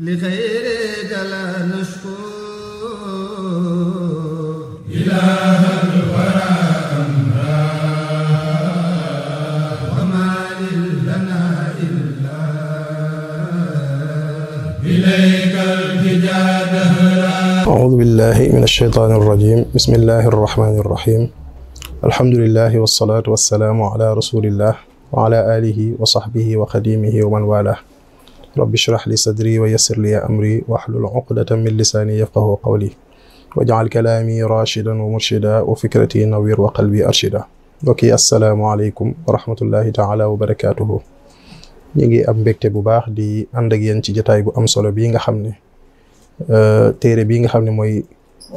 لغيرك لا نشكو إله الورى وما لنا إلا إليك التجا أعوذ بالله من الشيطان الرجيم بسم الله الرحمن الرحيم الحمد لله والصلاة والسلام على رسول الله وعلى آله وصحبه وخديمه ومن والاه رب اشرح لي صدري ويسر لي أمري واحلل عقدة من لساني يفقه قولي واجعل كلامي راشدا ومرشدا وفكرتي نوير وقلبي أرشدا وكي السلام عليكم ورحمة الله تعالى وبركاته نيجي أم بكت بباخ دي أندق ينشي جتاي بأم صلو بيغا خمني تيري بيغا خمني موي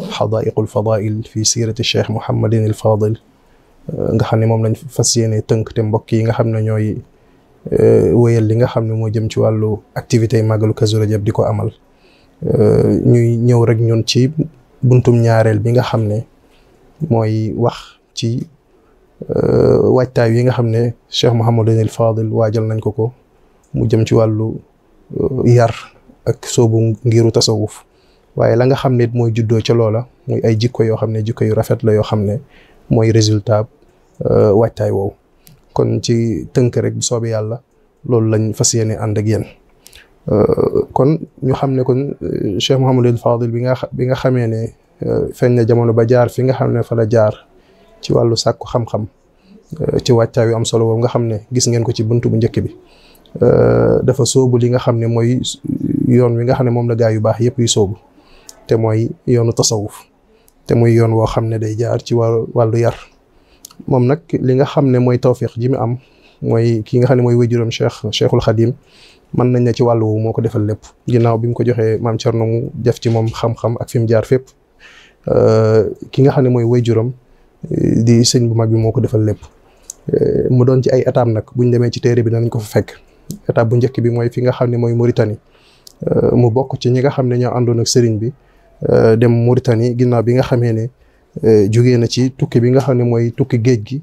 حضائق الفضائل في سيرة الشيخ محمد الفاضل nga xamne euh, mom euh, lañ fasiyene teunk te mbokk yi nga xamne ñoy Euh, wéyal li nga xam ne moo jëm ci wàllu activité yi màggalu Kazu Rajab di ko amal euh, ñuy ñëw rek ñun ci buntum ñaareel bi nga xam ne mooy wax ci euh, waajtaay yi nga xam ne Cheikh Mouhamadul Fadil waajal nañ ko ko mu jëm ci wàllu yar ak soobu ngiru tasawuf waaye la nga xam ne mooy juddoo ca loola muy ay jikko yoo xam ne jikko yu rafet la yoo xam ne mooy résultat waajtaay woowu kon ci tënk rek bu soobee yàlla loolu lañ fas yéene ànd ak yéen euh, kon ñu xam ne kon euh, Cheikh Mouhamadul Fadil bi nga bi nga xamee ne euh, feeñ na jamono ba jaar fi nga xam ne fa la jaar ci wàllu sàkku xam-xam ci wàccaay yu solo boobu nga xam ne gis ngeen ko ci bunt bu njëkk bi dafa sóobu li nga xam ne mooy yoon wi nga xam ne moom la gaa yu baax yëpp yu sóobu te mooy yoonu tasawuf te muy yoon woo xam ne day jaar ci wàllu yar moom nag li nga xam ne mooy taw tawfiq ji mu am mooy ki nga xam ne mooy wéjuram cheikh cheikhul xadim mën nañ ne ci wàll woowu moo ko defal lépp ginnaaw bi mu ko joxee maam Thierno mu def ci moom xam ak fi jaar fépp euh, ki nga xam ne mooy wéjuram euh, di sëñ bu mag bi moo ko defal lépp euh, mu doon ci ay étapes nag buñ demee ci téere bi danañ ko fa fekk étape bu njëkk bi mooy fi nga xam ne mooy Mauritanie mu bokk ci ñi nga xam ne ñoo àndoon ak sëriñ bi dem Mauritanie ginnaaw bi nga xamee ne Eh, jugee na ci tukki bi nga xam ne mooy tukki géej gi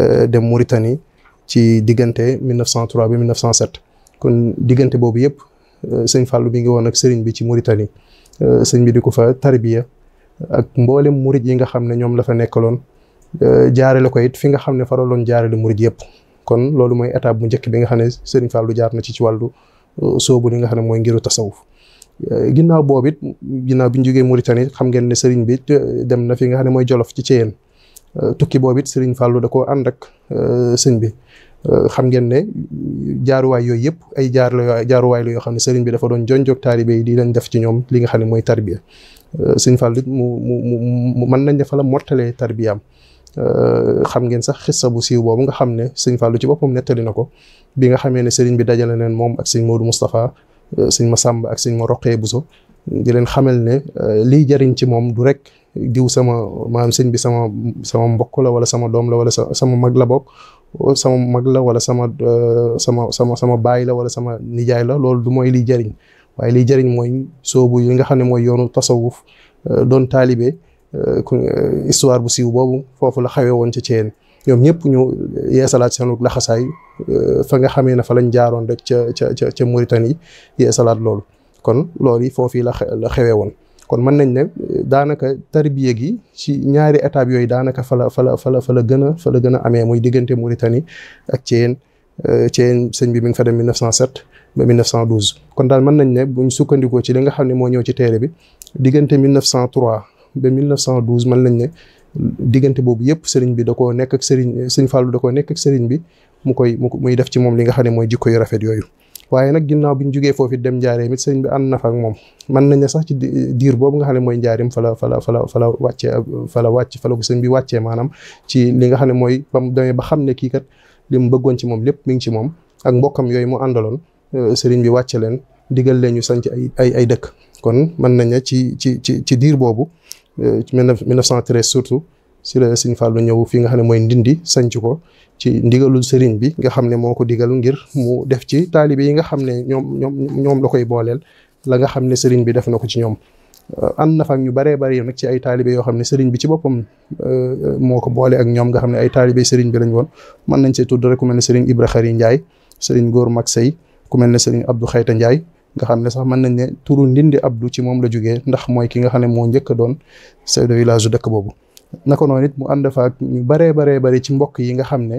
eh, dem Mauritanie ci diggante 1903 bi 1907 kon diggante boobu yëpp eh, sëñ Fallou bi ngi woon ak sëriñ bi ci Mauritanie sëñ bi di ko fa tarbiya ak mboolem murid yi nga xam ne ñoom la fa nekkaloon jaarale ko it fi nga xam ne faraloon jaarale murid yëpp kon loolu mooy étape bu njëkk bi nga xam ne sëriñ Fallou jaar na ci ci wàllu soobu li nga xam ne mooy ngiru tasawuf ginnaaw boobu it ginnaaw bi ñu jógee Mauritanie xam ngeen ne sëriñ bi dem na fi nga xam ne mooy Jolof ci Ceyeen euh, tukki boobu sëriñ Fallou da ko ànd ak euh, sëñ bi. Euh, xam ngeen ne jaaruwaay yooyu yëpp ay jaar la yoo xam ne sëriñ bi dafa doon jonjoog taalibe yi di leen def ci ñoom li nga xam ne mooy tarbiya sëñ Fallou it mu mu mu mën nañ dafa la mortalee tarbiyaam. xam ngeen sax xissa bu siiw boobu nga xam ne sëñ Fallou ci boppam nettali na ko bi nga xamee ne sëriñ bi dajale neen moom ak sëñ Modou Moustapha Euh, sëñ Masamba ak sëñ ma roqee Buso di leen xamal ne euh, lii jariñ ci moom du rek diw sama maam sëñ bi sama mbokk la wala sama doom la wala sama mag la bokk sama mag la wala sama euh, sama sama sama baay la wala sama nijaay la loolu du mooy liy jariñ waaye lii jariñ mooy soobu yi nga xam ne mooy yoonu tasawuf doon taalibe histoire bu siw boobu foofu la xawee woon ca Thiel ñoom ñëpp ñu yeesalaat seenu laxasaay Euh, fa nga xamee ne fa lañ jaaroon rek ca ca ca ca Mauritanie yee salaat loolu kon loolu yi foofii la la xewee woon kon mën nañ ne euh, daanaka tarbiya gi ci ñaari étape yooyu daanaka fa la fa la fa gën a fa gën a amee muy diggante Mauritanie ak Thiéyène euh, Thiéyène sëñ bi mi ngi fa dem 1907 ba 1912 kon daal mën nañ ne buñ sukkandikoo ci la nga xam ne moo ñëw ci téere bi diggante 1903 ba 1912 man nañ ne diggante boobu yëpp sëriñ bi da koo nekk ak sëñ Fallou da koo nekk ak sëriñ bi mu koy mu muy def ci moom li nga xam ne mooy jikko yu rafet yooyu waaye nag ginnaaw bi ñu jugee foofu dem njaareem it sëriñ bi ànd na fa moom mën nañ sax ci diir boobu nga xam ne mooy njaareem fa la fa la wàccee fa la wàcc fa la bi wàccee maanaam ci li nga xam ne mooy ba mu demee xam ne kii kat li mu bëggoon ci moom lépp mi ngi ci moom ak mbokkam yooyu mu àndaloon euh, sëriñ bi wàcce leen digal leen ñu sanc ay ay ay dëkk kon mën nañ ne ci ci ci ci diir boobu 1913 euh, surtout si la sëñ Fallu ñëw fi nga xam ne mooy ndindi sanc ko ci ndigalul sëriñ bi nga xam ne moo ko digal ngir mu def ci taalibe yi nga xam ne ñoom ñoom ñoom la koy booleel la nga xam ne sëriñ bi def na ko ci ñoom an na fa ak ñu baree bari nag ci ay taalibe yoo xam ne sëriñ bi ci boppam euh, moo ko boole ak ñoom nga xam ne ay taalibe sëriñ bi lañ woon mën nañ see tudd rek ku mel ne sëriñ Ibra Xari Ndiaye sëriñ Góor Mag Sey ku mel ne sëriñ Abdou Xayta njaay nga xam ne sax mën nañ ne turu ndindi Abdou ci moom la jógee ndax mooy ki nga xam ne moo njëkk a doon chef de village dëkk boobu naka noonu it mu ànd fa ak ñu baree baree bari ci mbokk yi nga xam ne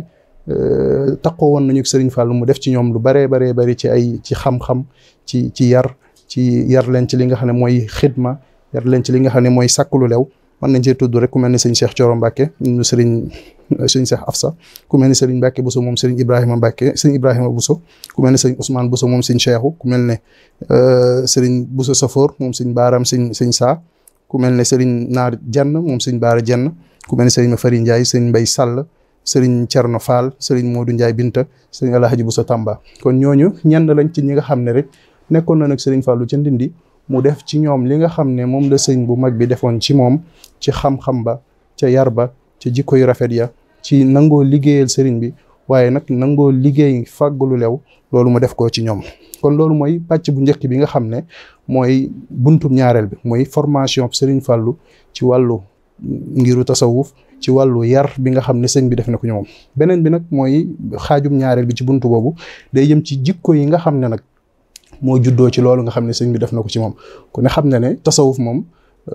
euh, taqoo woon nañu Serigne Fallou mu def ci ñoom lu baree baree bari ci ay ci xam-xam ci ci yar ci yar leen ci li nga xam ne mooy xidma yar leen ci li nga xam ne mooy sàkk lu lew mën nañ cee tuddu rek ku mel ne sëñ Cheikh Thioro Mbacke ñu Serigne euh, sëñ Cheikh Afsa ku mel ni Serigne Mbacke Bousso moom Serigne Ibrahima Mbacke Serigne Ibrahima Bousso ku mel ne Serigne Ousmane Bousso moom sëñ Cheikhu ku mel ne euh, Serigne Bousso Safoor moom sëñ Baaram sëñ Saa ku mel ne sëriñ Naar Jenn moom sëriñ Baara Jenn ku mel ne sëriñ Mafari Ndiaye sëriñ Mbay Sall sëriñ Cerno Fall sëriñ Modou Ndiaye Binta sëriñ Alhaji Bousso Tamba kon ñooñu ñenn lañ ci ñi nga xam ne rek nekkoon na nag sëriñ Fallou ca Ndindi mu def ci ñoom li nga xam ne moom la sëriñ bu mag bi defoon ci moom ci xam-xam ba ca yarba ca jikko yu rafet ya ci nangoo liggéeyal sëriñ bi waaye nag nangoo liggéey fàggalu lew loolu moo def ko ci ñoom kon loolu mooy pàcc bu njëkk bi nga xam ne mooy buntu ñaareel bi mooy formation Serigne Fallou ci wàllu ngiru tasawuf ci wàllu yar bi nga xam ne sëñ bi def na ko ñoom beneen bi nag mooy xaajum ñaareel bi ci buntu boobu day jëm ci jikko yi nga xam ne nag moo juddoo ci loolu nga xam ne sëñ bi def na ko ci moom kon ne xam na ne tasawuf moom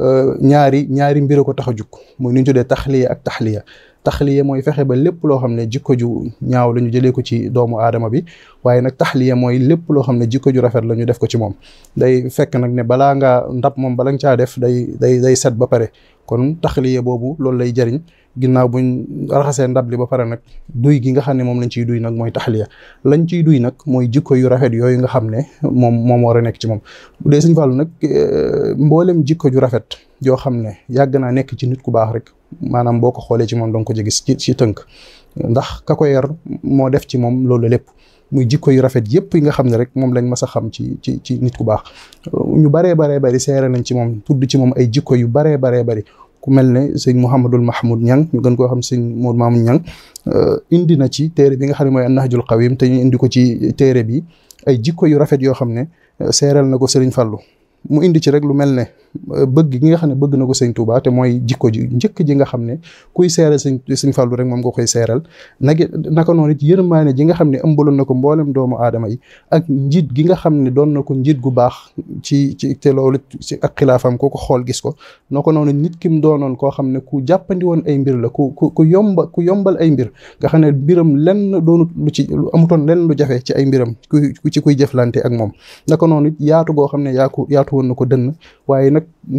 euh, ñaari ñaari mbir ko tax a jukk muy ni ñu tuddee taxliya ak taxliya taxliya mooy fexe ba lépp loo xam ne jikko ju ñaaw la ñu jëlee ko ci doomu aadama bi waaye nag taxliya mooy lépp loo xam ne jikko ju rafet la ñu def ko ci moom day fekk nag ne balaa ngaa ndab moom bala nga caa def day day day set ba pare kon taxliya boobu loolu lay jëriñ ginnaaw buñ raxasee ndab li ba pare nag duy gi nga xam ne moom lañ ciy duy nag mooy taxliya lañ ciy duy nag mooy jikko yu rafet yooyu nga xam ne moom moom war a nekk ci moom bu dee Sëñ Fallu nag eh, mboolem jikko ju rafet yoo xam ne yàgg naa nekk ci nit ku baax rek maanaam boo ko xoolee ci moom danga ko ci gis ci ci tënk ndax ka ko yar moo def ci moom loolu lépp muy jikko yu rafet yëpp yi nga xam ne rek moom lañ mas a xam ci ci ci nit ku baax ñu baree bare bari seere nañ ci moom tudd ci moom ay jikko yu baree baree bari ku mel ne sëñ Mouhamadul Mahmoud Niang ñu gën koo xam sëñ Mour Mamoun Niang euh, indi na ci téere bi nga xam ne mooy Nahjul Qawim te ñu indi ko ci téere bi ay jikko yu rafet yoo xam ne euh, seereel na ko Serigne Fallou mu indi ci rek lu mel ne bëgg gi nga xam ne bëgg na ko sëñ Touba te mooy jikko ji njëkk ji xam ne kuy seeral sëñ sëñ Fallou rek moom nga koy seeral nag naka noonu it yërmaane jinga xam ne ëmbaloon na ko mboolem doomu aadama yi ak njiit gi nga xam ne doon na ko njiit gu baax ci ci te loolu ci ak xilaafam ko ko xool gis ko na noonu nit ki mu doonoon koo xam ne ku jàppandi woon ay mbir la ku ku ku yomba ku yombal ay mbir nga xam ne mbiram lenn doonut lu ci lu amutoon lenn jafe ci ay mbiram ku ci kuy jëflante ak moom naka noonu it yaatu goo xam ne yaa ko yaatu woon na ko dënn waaye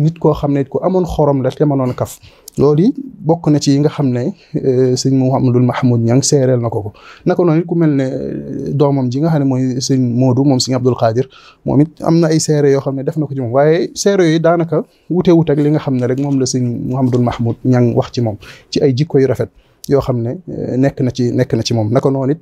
nit koo xam ne ko amoon xorom la te mënoon kaf loolu bokk na ci yi nga xam ne euh, sëñ Mouhamadul Mahmoud Niang seereel na ko ko naka noonu ku mel ne euh, doomam ji nga xam ne mooy sëñ Modou moom sëñ Abdul Qadir moom it am na ay seere yoo xam ne def na ko ci waaye seere yooyu daanaka wute wut li nga xam ne rek moom la sëñ Mouhamadul Mahmoud Niang wax ci mom ci ay jikko yu rafet. yoo xam ne euh, nekk na ci nekk na ci moom naka noonu it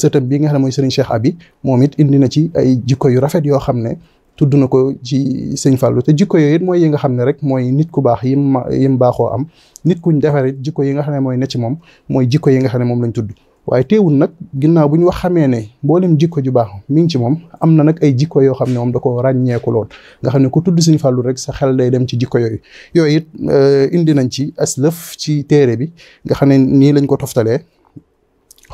sëtam bi nga xam ne mooy Serigne Cheikh Abi moom it indi na ci ay jikko yu rafet yoo xam ne tudd na ko ci sëñ Fallou te jikko yooyu mooy yi nga xam ne rek mooy nit ku baax yi mu yi mu baaxoo am nit kuñ defar it jikko yi nga xam ne mooy ne ci moom mooy jikko yi nga xam ne moom lañ tudd waaye teewul nag ginnaaw bu ñu wax xamee ne mboolem jikko ju baax mi ngi ci moom am na nag ay jikko yoo xam ne moom da ko ràññeeku lool nga xam ne ku tudd Sëñ Fallu rek sa xel day dem ci jikko yooyu yooyu it euh, indi nañ ci aslëf ci téere bi nga xam ne nii lañ ko toftalee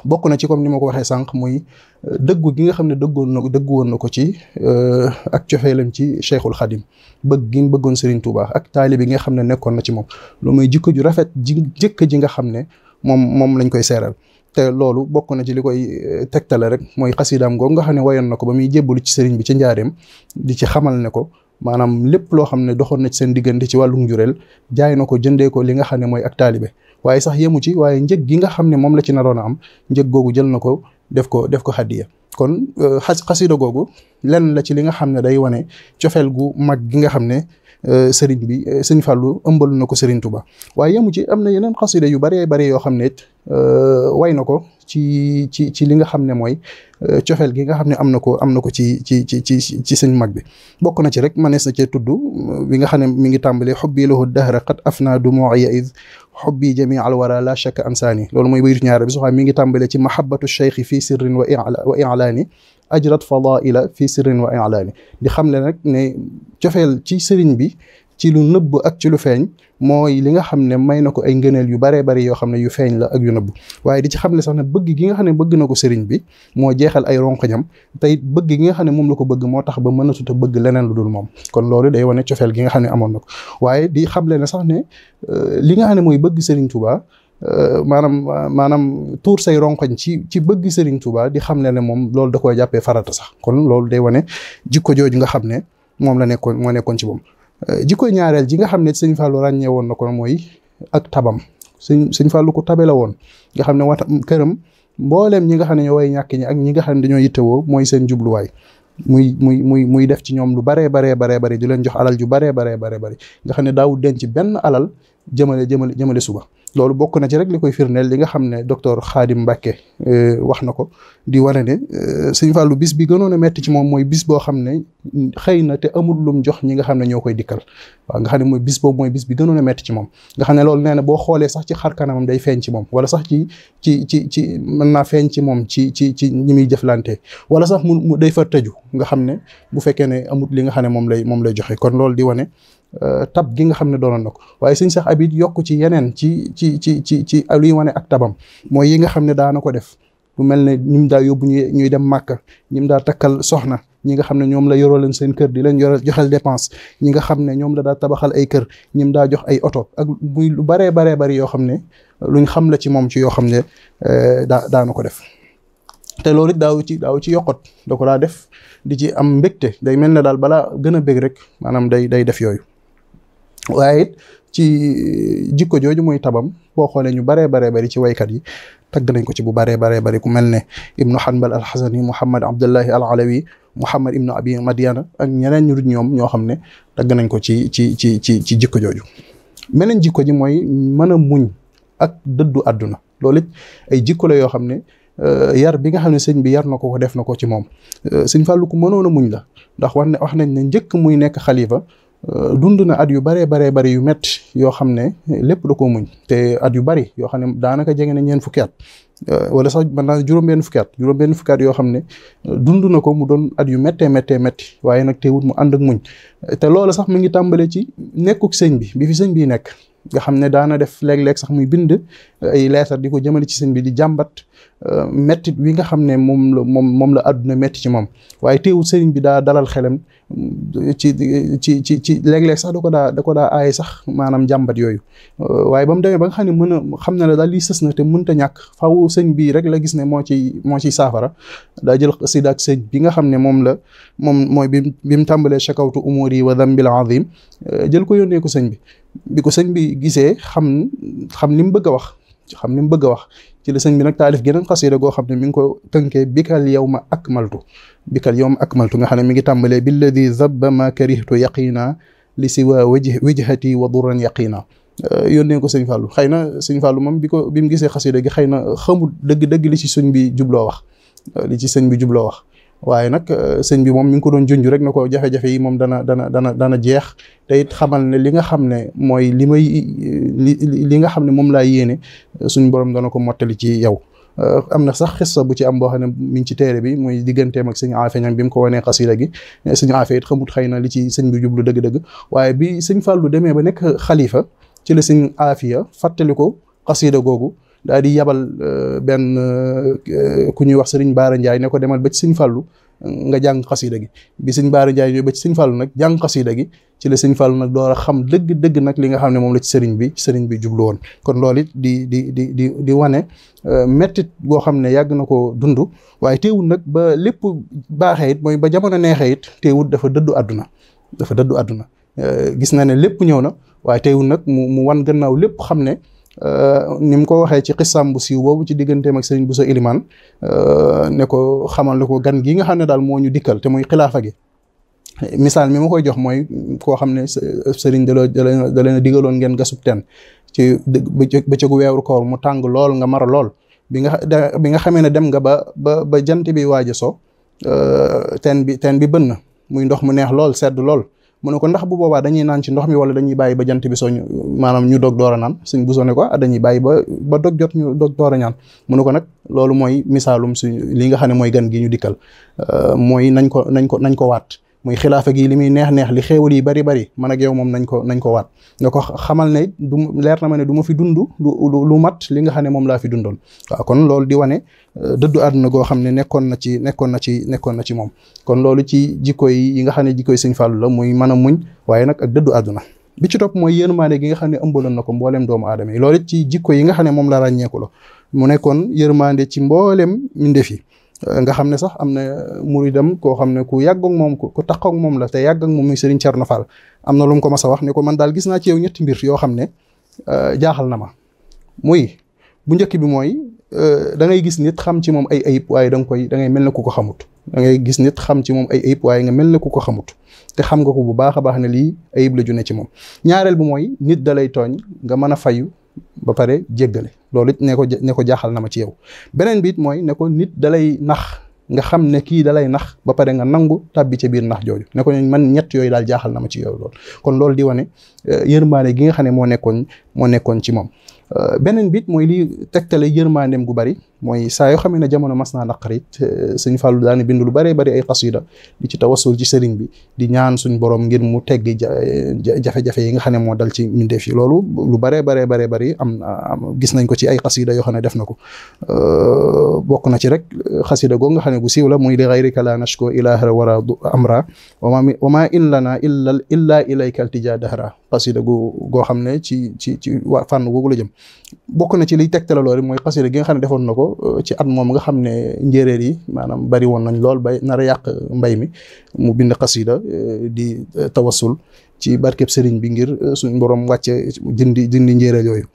bokk na ci comme ni ma ko waxee sànq muy dëggu gi nga xam ne dëggoon na dëggu woon na ko ci euh, ak cofeelam ci cheikhul xadim bëgg gi bëggoon Serigne Touba ak taalibe gi nga xam ne nekkoon na ci moom lu mooy jikko ju rafet ji jëkk ji nga xam ne moom moom lañ koy seeral te loolu bokk na ci li koy euh, tegtale rek mooy xasidaam googu nga xam ne wayoon na ko ba muy jébbalu ci sëriñ bi ci njaareem di ci xamal ne ko maanaam lépp loo xam ne doxoon na seen diggante ci wàllum njureel jaay na ko jëndee ko li nga xam ne mooy ak taalibe waaye sax yemu ci waaye njëg gi nga xam ne moom la ci naroon a am njëg googu jël na ko def ko def ko xaddiya kon euh, xasida googu lenn la ci li nga xam ne day wane cofeel gu mag gi nga xam ne serigne bi serigne Fallou eumbal nako serigne Touba waye yamu ci amna yenen qasida yu bëree bëri yo xamne euh way nako ci ci ci li nga xamne moy ciofel gi nga xamne amna ko amna ko ci ci ci ci ci serigne mag bi bokku na ci rek manes na ci tuddu wi nga xamne mi ngi tambale hubbi lahu dahr qad afna dumu'i id xubbi jamii al wara la shakka ansaani loolu mooy bayit ñaar bi soxaa mi ngi tàmbalee ci mahabbatu cheikhi fi sirrin wa wa ajrat fadaila fi sirrin wa ilaani di xam le nag ne cofeel ci sëriñ bi ci lu nëbb ak ci lu feeñ mooy li nga xam ne may na ko ay ngëneel yu baree bari yoo xam ne yu feeñ la ak yu nëbb waaye di ci xam ne sax ne bëgg gi nga xam ne bëgg na ko sëriñ bi moo jeexal ay ronkoñam tey bëgg gi nga xam ne moom la ko bëgg moo tax ba mënatut a bëgg leneen lu dul moom kon loolu day wane cofeel nga xam ne amoon ko waaye di xam le ne sax ne euh, li nga xam ne mooy bëgg sëriñ Tuubaa Euh, maanaam maanaam tuur say ronkoñ ci ci bëgg Serigne Touba di xam ne ne moom loolu da koy jàppee farata sax kon loolu day wane jikko jooju nga xam ne moom la nekkoon moo nekkoon ci moom. Euh, jikko ñaareel ji nga xam ne Serigne Fallou ràññee woon na ko mooy ak tabam Serigne Serigne Fallou ko tabe woon nga xam ne wata këram mbooleem ñi nga xam ne ñoo way ñàkk ñi ak ñi nga xam ne dañoo yittewoo mooy seen jubluwaay. muy muy muy muy def ci ñoom lu baree baree baree bari di leen jox alal ju baree baree baree bari nga xam ne daawul denc benn alal jëmale jëmale jëmale suba. loolu bokk na ci rek li koy firndeel li nga xam ne docteur Khadim Mbacke euh, wax na ko di wane ne euh, sëñ Fallou bis bi gënoon a metti ci moom mooy bis boo xam ne xëy na te amul lum jox ñi nga xam ne ñoo koy dikkal waaw nga xam ne mooy bis boobu mooy bis bi gënoon a moom nga xam loolu nee na boo xoolee sax ci xar kanamam day feeñ ci moom wala sax ci ci ci ci mën naa feeñ ci moom ci ci ci ñi muy jëflante wala sax mu day fa tëju nga xam ne bu fekkee ne amul li nga xam ne moom lay moom lay joxe kon loolu di wane tab gi nga xam ne doonoon na ko waaye sëñ Cheikh abid yokk ci yeneen ci ci ci ci ci luy wane ak tabam mooy yi nga xam ne daana ko def lu mel ne ñi daa yóbbu ñuy ñuy dem màkka ñim mu daa takkal soxna ñi nga xam ne ñoom la yoroo leen seen kër di leen yore joxal dépense ñi nga xam ne ñoom la daa tabaxal ay kër ñim mu daa jox ay oto ak muy lu bare bare bari yoo xam ne luñ xam la ci moom ci yoo xam ne daa daana ko def te loolu it daaw ci daaw ci yokkot da ko daa def di ci am mbégte day mel ne daal balaa gën a bég rek maanaam day day def yooyu waaye it ci jikko jooju muy tabam boo xoolee ñu baree baree bari ci waykat yi tagg nañ ko ci bu baree baree bari ku mel ne ibnu hanbal alxasani muhammad abdullahi al alawi muhammad ibnu abi madiana ak ñeneen ñu dul ñoom ñoo xam ne tagg nañ ko ci ci ci ci ci jikko jooju meneen jikko ji mooy mën muñ ak dëddu àdduna loolu ay jikko la yoo xam ne euh, yar bi nga xam ne sëñ bi yar na ko ko def na ko ci moom euh, sëñ Fallou ku mënoon a muñ la ndax wax ne nañ ne njëkk muy nekk xalifa Euh, dund na at yu bëree baree bari yu métti yoo xam ne lépp da ko muñ te at yu bari yoo xam ne daanaka jege na ñeen fukki at euh, wala sax mën naa juróom-benn fukki at yoo xam ne euh, dundu na ko mu doon at yu méttee méttee métti waaye nag teewut mu ànd ak muñ te loola sax mu ngi tàmbale ci nekkuk sëñ bi bi fi sëñ bi nekk nga xam ne daana def léeg-léeg sax muy bind eh, ay leetar di ko jëmale ci sëñ bi di jàmbat eh, mettit wi nga xam ne moom la moom moom la àdduna metti ci moom waaye teewul sëriñ bi daa dalal xelam eh, ci ci ci ci léeg-léeg sax ko daa ko daa aaye sax maanaam jàmbat yooyu waaye ba mu ba nga ne mën a xam ne daal lii sës na te mënta ñàkk faaw sëñ bi rek la gis ne moo ciy moo ciy saafara daa jël xasida ak sëñ bi nga xam ne moom la moom mooy bi bi mu tàmbalee chakawtu umuri wa dambil azim jël ko yónnee ko sëñ bi bi ko sëñ bi gisee xam xam ni mu bëgg a wax xam ni mu bëgg a wax ci la sëñ bi nag taalif geneen xasida goo xam ne mi ngi ko tënkee bikal yow ma akmaltu bikal yow ma akmaltu nga xam ne mi ngi tàmbalee billadi zabba ma karihtu yaqina li si wa siwa wajh wijhati wa duran yaqina euh, yónnee ko sëñ Fallou xëy na sëñ Fallou moom bi ko bi mu gisee xasida gi xëy na xamul dëgg-dëgg li ci sëñ bi jubloo wax li ci sëñ bi jubloo wax waaye nag euh, sëñ bi moom mi ngi ko doon junj rek ne ko jafe-jafe yi moom dana dana dana dana jeex te it xamal ne li nga xam ne mooy li may euh, li li nga xam ne moom laa yéene euh, suñu borom dana ko mottali ci yow. am na sax xissa bu ci am boo xam ne mi ngi ci teere bi mooy digganteem ak sëñ Afe ñam bi mu ko wanee xasida gi sëñ Afe it xamut xëy na li ci sëñ bi jublu dëgg-dëgg waaye bi sëñ Fallou demee ba nekk xalifa ci la sëñ Afiya fàttali ko xasida googu. daal di yabal euh, benn euh, ku ñuy wax sëriñ Baara Ndiaye ne ko demal ba ci sëñ Fallou nga jàng xasida gi bi sëñ Baara Ndiaye ba ci sëñ nag jàng xasida gi ci la sëñ Fallou nag door a xam dëgg dëgg nag li nga xam ne moom la ci sëriñ bi sëriñ bi jublu kon loolit di di di di di wane euh, mettit boo xam ne yàgg na ko dund waaye teewul nag ba lépp baaxee it mooy ba jamono neexee it teewul dafa dëddu àdduna dafa dëddu àdduna gis na ne lépp ñëw na waaye teewul nag mu wan gannaaw lépp xam ne Euh, ni mu ko waxee ci xissaam bu siiw boobu ci digganteem ak sëriñ Bousso Ilimane euh, ne ko xamal ne ko gan gi nga xam ne daal moo ñu dikkal te muy xilaafa gi misaal mi ma koy jox mooy koo xam ne sëriñ da la da leen digaloon ngeen gasub teen ci bëccëgu weeru koor mu tàng lool nga mar lool bi nga bi nga xamee ne dem nga ba ba ba bi waaj a so euh, teen bi ten bi bënn muy ndox mu neex lool sedd lool mu ko ndax bu boobaa dañuy naan ci ndox mi wala dañuy bàyyi ba jant bi soo ñu maanaam ñu dog door a naan suñ bu sone ko ah, dañuy bàyyi ba ba dog jot ñu dog door a ñaan mu ne ko nag loolu mooy misaalum suñ li nga xam ne mooy gan gi ñu dikkal euh, mooy nañ ko nañ ko nañ ko waat muy xilaafa gi li muy neex neex li xéewal yi bari bari man ak yow moom nañ ko nañ ko waat nga ko xamal ne du leer na ma ne duma fi dund lu lu mat li nga xam ne moom laa fi dundoon waaw kon loolu di wane euh, dëddu àdduna goo xam ne nekkoon na ci nekkoon na ci nekkoon na ci moom kon loolu ci jikko yi yi nga xam ne jikko yi sëñ Fallou la muy mën muñ waaye nag ak dëddu àdduna bi ci topp mooy yërmaande gi nga xam ne ëmbaloon na ko mbooleem doomu aadama yi loolu ci jikko yi nga xam ne moom la ràññeeku la mu nekkoon yërmaande ci mbooleem mbindeef yi nga xam ne sax am na muridam koo xam ne ku yàgg ak moom ku tax moom la te yàgg ak moom muy Serigne Thierno Fall am na lu mu ko mas a wax ne ko man daal gis naa ci yow ñetti mbir yoo xam ne euh, jaaxal na ma muy bu njëkk bi mooy euh, da ngay gis nit xam ci moom ay ayib waaye da koy da ngay mel ne ku ko xamut da ngay gis nit xam ci moom ay ayib waaye nga mel ne ku ko xamut te xam nga ko bu baax a baax ne lii ayib la ju ci moom ñaareel bi mooy nit da lay tooñ nga mën a fayu ba pare jéggale loolu it ne ko ne ko jaaxal na ma ci yow beneen bi mooy ne nit da lay nax nga xam ne kii dalay nax ba pare nga nangu tàbbi ca biir nax jooju ne ko man ñett yooyu daal jaaxal na ma ci yow lool kon loolu di wane euh, yërmaane gi nga xam ne moo nekkoon moo nekkoon ci moom euh, beneen bit mooy li tegtale yërmaandeem gu bari mooy saa yoo xamee na jamono mas naa naqarit eh, sëñ Fallou daane bind lu bëree bëri ay xasida di ci tawasul ci sëriñ bi di ñaan suñ borom ngir mu teggi jafe-jafe yi nga xam ne moo dal ci mindeef yi loolu lu bëree baree baree bëri am gis nañ ko ci ay xasida yoo xam ne def na ko euh, bokk na ci rek eh, xasida goo nga xam ne gu siiw la muy li gayrika la nashko ilaha wara amra wama wama in lana illa illaa ilayka altija dahra xasida gu goo xam ne ci ci ci waa fànn googu la jëm bokk na ci liy tegtale loolu mooy xasida gi nga xam ne defoon na ko uh, ci at moom nga xam ne njéeréer yi maanaam bari woon nañ lool bay nar a yàq mbay mi mu bind xasida uh, di uh, tawasul ci barkeb sëriñ bi ngir suñ borom wàcce dindi dindi njéeréer yooyu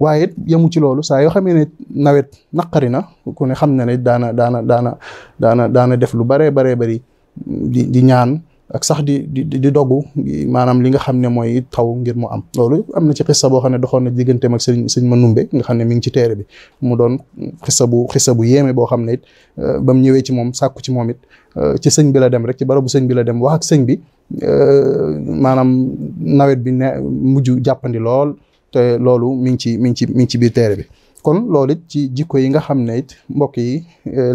waaye it yemu ci loolu saa yoo xamee ne nawet naqari na ku ne xam na ne daana daana daana daana daana def lu baree baree bari di di ñaan ak sax di di di maanaam li nga xam ne mooy taw ngir mu am loolu am na ci xissa boo xam ne doxoon na digganteem ak sëñ sëñ Manumbe nga xam ne mi ngi ci teere bi mu doon xissa bu xissa bu yéeme boo xam ne it euh, ba mu ñëwee ci moom sàkku ci moom it euh, ci sëñ bi la dem rek ci barabu sëñ bi la dem wax ak sëñ bi euh, maanaam nawet bi ne mujj jàppandi lool te loolu mi ngi ci mi ngi ci mi ngi ci biir teere bi kon loolu ci jikko yi nga xam ne it mbokk yi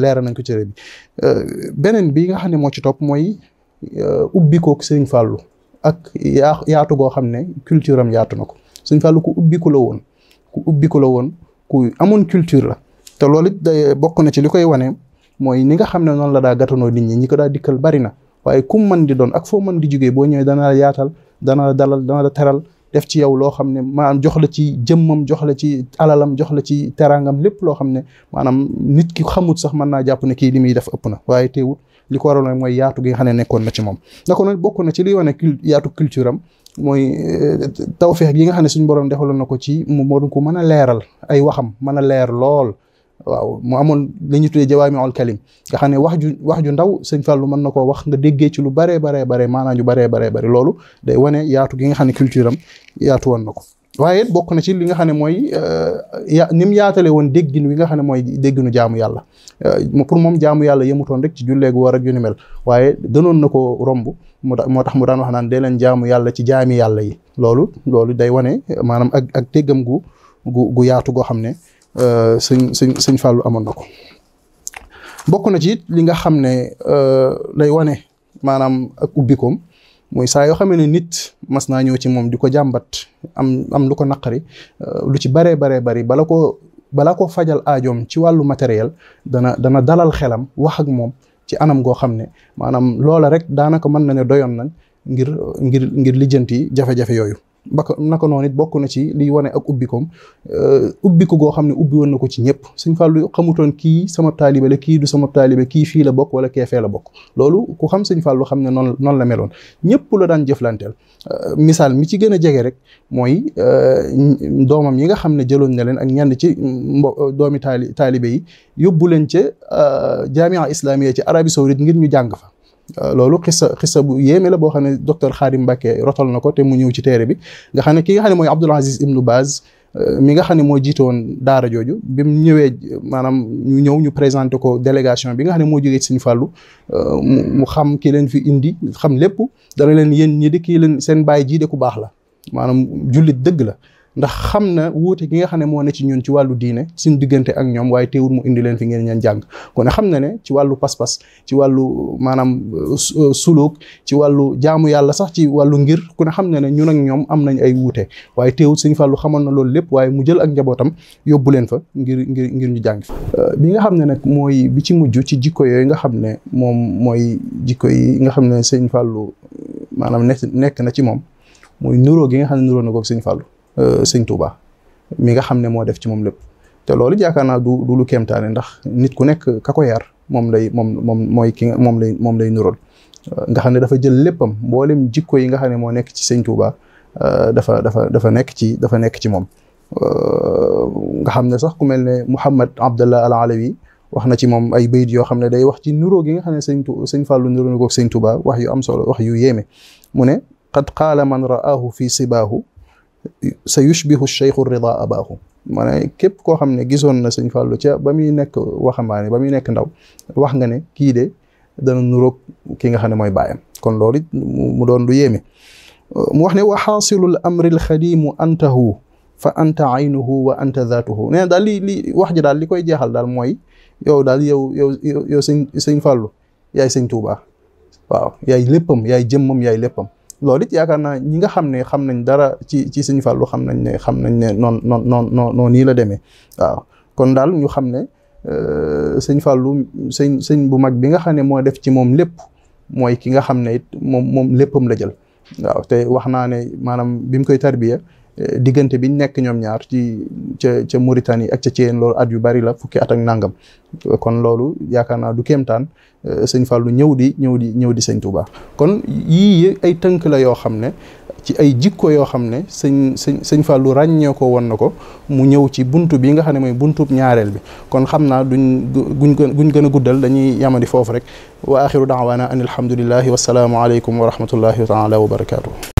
leera nañ ko ci bi beneen bi nga xam ne moo ci topp mooy Euh, ubbi ko sëriñ Fallou ak yaa yaatu goo xam ne culture am yaatu na ko sëriñ Fallou ku ubbi ko la woon ku ubbi woon ku amoon culture la. te loolu bokk na ci li koy wane mooy ni nga xam ne noonu la daa gàttanoo nit ñi ñi ko daa dikkal bari na waaye ku mën di doon ak foo mën di jugee boo ñëwee dana la yaatal dana dalal dana la teral def ci yow loo xam ne maanaam jox la ci jëmmam jox la ci alalam jox la ci teraangam lépp loo xam ne maanaam nit ki xamut sax mën naa jàpp ne kii li muy def ëpp na waaye teewul li ko waral mooy yaatu gi xam ne nekkoon na ci moom naka noonu bokk na ci li wane yaatu culture am mooy eh, tawfeex gi nga xam ne suñu borom defaloon na ko ci mu moo ko mën a leeral ay waxam mën a leer lool waaw mu amoon la ñuy tuddee jawaamiul kalim nga xam ne wax ju wax ju ndaw sëñ Fallou mën na koo wax nga déggee ci lu baree baree bare maanaa ju baree baree bare loolu day wane yaatu gi nga xam ne culture am yaatu woon na ko waaye bokk na ci li nga xam ne mooy euh, ya ni mu yaatale woon déggin wi nga xam ne mooy dégginu jaamu yàlla euh, pour moom jaamu yàlla yemutoon rek ci julleegu war ak yu ni waaye gënoon na ko romb mu moo tax mu daan wax naan dee leen jaamu yàlla ci jaami yàlla yi loolu loolu day wane maanaam ak ak déggam gu yaatu goo xam ne Euh, sëñ sëñ sëñ Fallou amoon na ko bokk na ci it li nga xam ne lay euh, wane maanaam ak ubbikoom mooy saa yoo xamee ne nit mas naa ñëw ci moom di ko jàmbat am am lu ko naqari euh, lu ci baree baree bari bala ko balaa koo fajal aajoom ci wàllu matériel dana dana dalal xelam wax ak moom ci anam goo xam ne maanaam loola rek daanaka mën nañu doyoon nañ ngir ngir ngir lijjanti jafe-jafe yooyu. ba naka noonu it bokk na ci li wane ak ubbikoom euh, ubbiku goo xam ne ubbi woon na ko ci ñëpp suñ fàllu xamutoon kii sama taalibe la kii du sama taalibe kii fii la bokk wala keefee la bokk loolu ku xam suñ fàllu xam ne noonu noonu la meloon ñëpp la daan jëflanteel euh, misaal mi ci gën a jege rek mooy euh, doomam yi nga xam ne jëloon na leen ak ñenn ci mbo doomi taali taalibe yi yóbbu leen ca jaamia islamiya ci Arabie Saoudite ngir ñu jàng fa Euh, loolu xisa xisa bu yéeme la boo xam ne docteur Xaadim Mbàkke rotal na ko te mu ñëw ci téere bi nga xam ne ki nga xam ne mooy Abdul Aziz Ibnu baas euh, mi nga xam ne moo jiite woon daara jooju bi mu ñëwee maanaam ñu ñëw ñu présenté ko délégation bi nga xam ne moo jógee ci Sëñ Fallu euh, mu xam ki leen fi indi xam lépp dana leen yéen ñi di kii leen seen baay jii ku baax la maanaam jullit dëgg la ndax xam na wuute gi nga xam ne moo ne ci ñun ci wàllu diine suñ diggante ak ñoom waaye teewul mu fi ngeen ñaan jàng kon xam na ne ci wàllu pas-pas ci wàllu maanaam euh, suluk ci wàllu jaamu yàlla sax ci wàllu ngir ku ne xam na ne ñun ak ñoom am nañ ay wuute waaye teewul suñ fàllu xamoon na loolu lépp waaye mu jël ak yóbbu leen fa ngir ngir ngir ñu jàng euh, bi nga xam ne nag mooy bi ci mujj ci jikko yooyu nga xam ne moom mooy jikko yi nga xam ne sëñ fàllu maanaam nekk na ci moom mooy nuroo gi nga xam ne nuroo na ko sëñ fàllu Euh, sëñ Touba mi nga xam ne moo def ci moom lépp te loolu jaakaar naa du du lu kéemtaane ndax nit ku nekk ka ko yar moom lay moom moom mooy ki nga moom lay moom lay nuróol euh, nga xam ne dafa jël léppam mboolem jikko yi nga xam ne moo nekk ci sëñ Touba euh, dafa dafa dafa nekk ci dafa nekk ci moom nga xam ne sax ku mel ne Mouhamed Abdallah Al Alawi wax na ci moom ay bayit yoo xam ne day wax ci nuroo gi nga xam ne sëñ sëñ Fàllu nuroo ko sëñ Touba wax yu am solo wax yu yéeme mu ne qad qaala man ra'aahu fi sibaahu sayushbihu cheikhu rida abaahu ma ne képp koo xam ne gisoon na sëñ Fallou ca ba muy nekk waxambaane ba muy nekk ndaw wax nga ne kii de dana nuroog ki nga xam ne mooy baayam kon loolu mu doon lu yéeme mu wax ne wa xaasilul amril xadimu antahu fa anta aynuhu wa anta zaatuhu nee na li wax ji daal li koy jeexal daal mooy yow daal yow yow yow sëñ sëñ Fallou yaay sëñ Tuubaa waaw yaay léppam yaay jëmmam yaay léppam loolu it yaakaar naa ñi nga xam ne xam nañ dara ci ci Sëñ Fallu xam nañ ne xam nañ ne noon noon noon noon nii la demee waaw kon daal ñu xam ne euh, Sëñ Fallu sëñ sëñ bu mag bi nga xam ne moo def ci moom lépp mooy ki nga xam ne it moom moom léppam la jël waaw te wax naa ne maanaam bi mu koy tarbiya diggante biñ nekk ñoom ñaar ci ca ca Mauritanie ak ca Thièyène loolu at yu bari la fukki at ak nangam kon loolu yaakaar naa du kéemtaan euh, sëñ fallu ñëw di ñëw di ñëw di sëñ Touba kon yii ay tënk la yoo xam ne ci ay jikko yoo xam ne sëñ sëñ sëñ Fallou ràññee ko woon na ko mu ñëw ci buntu bi nga xam ne mooy buntub ñaareel bi kon xam naa duñ guñ guñ gën a guddal dañuy yamadi foofu rek wa axiru daawaana an alhamdulillahi wasalaamu aleykum wa rahmatullahi taala wa barakaatu.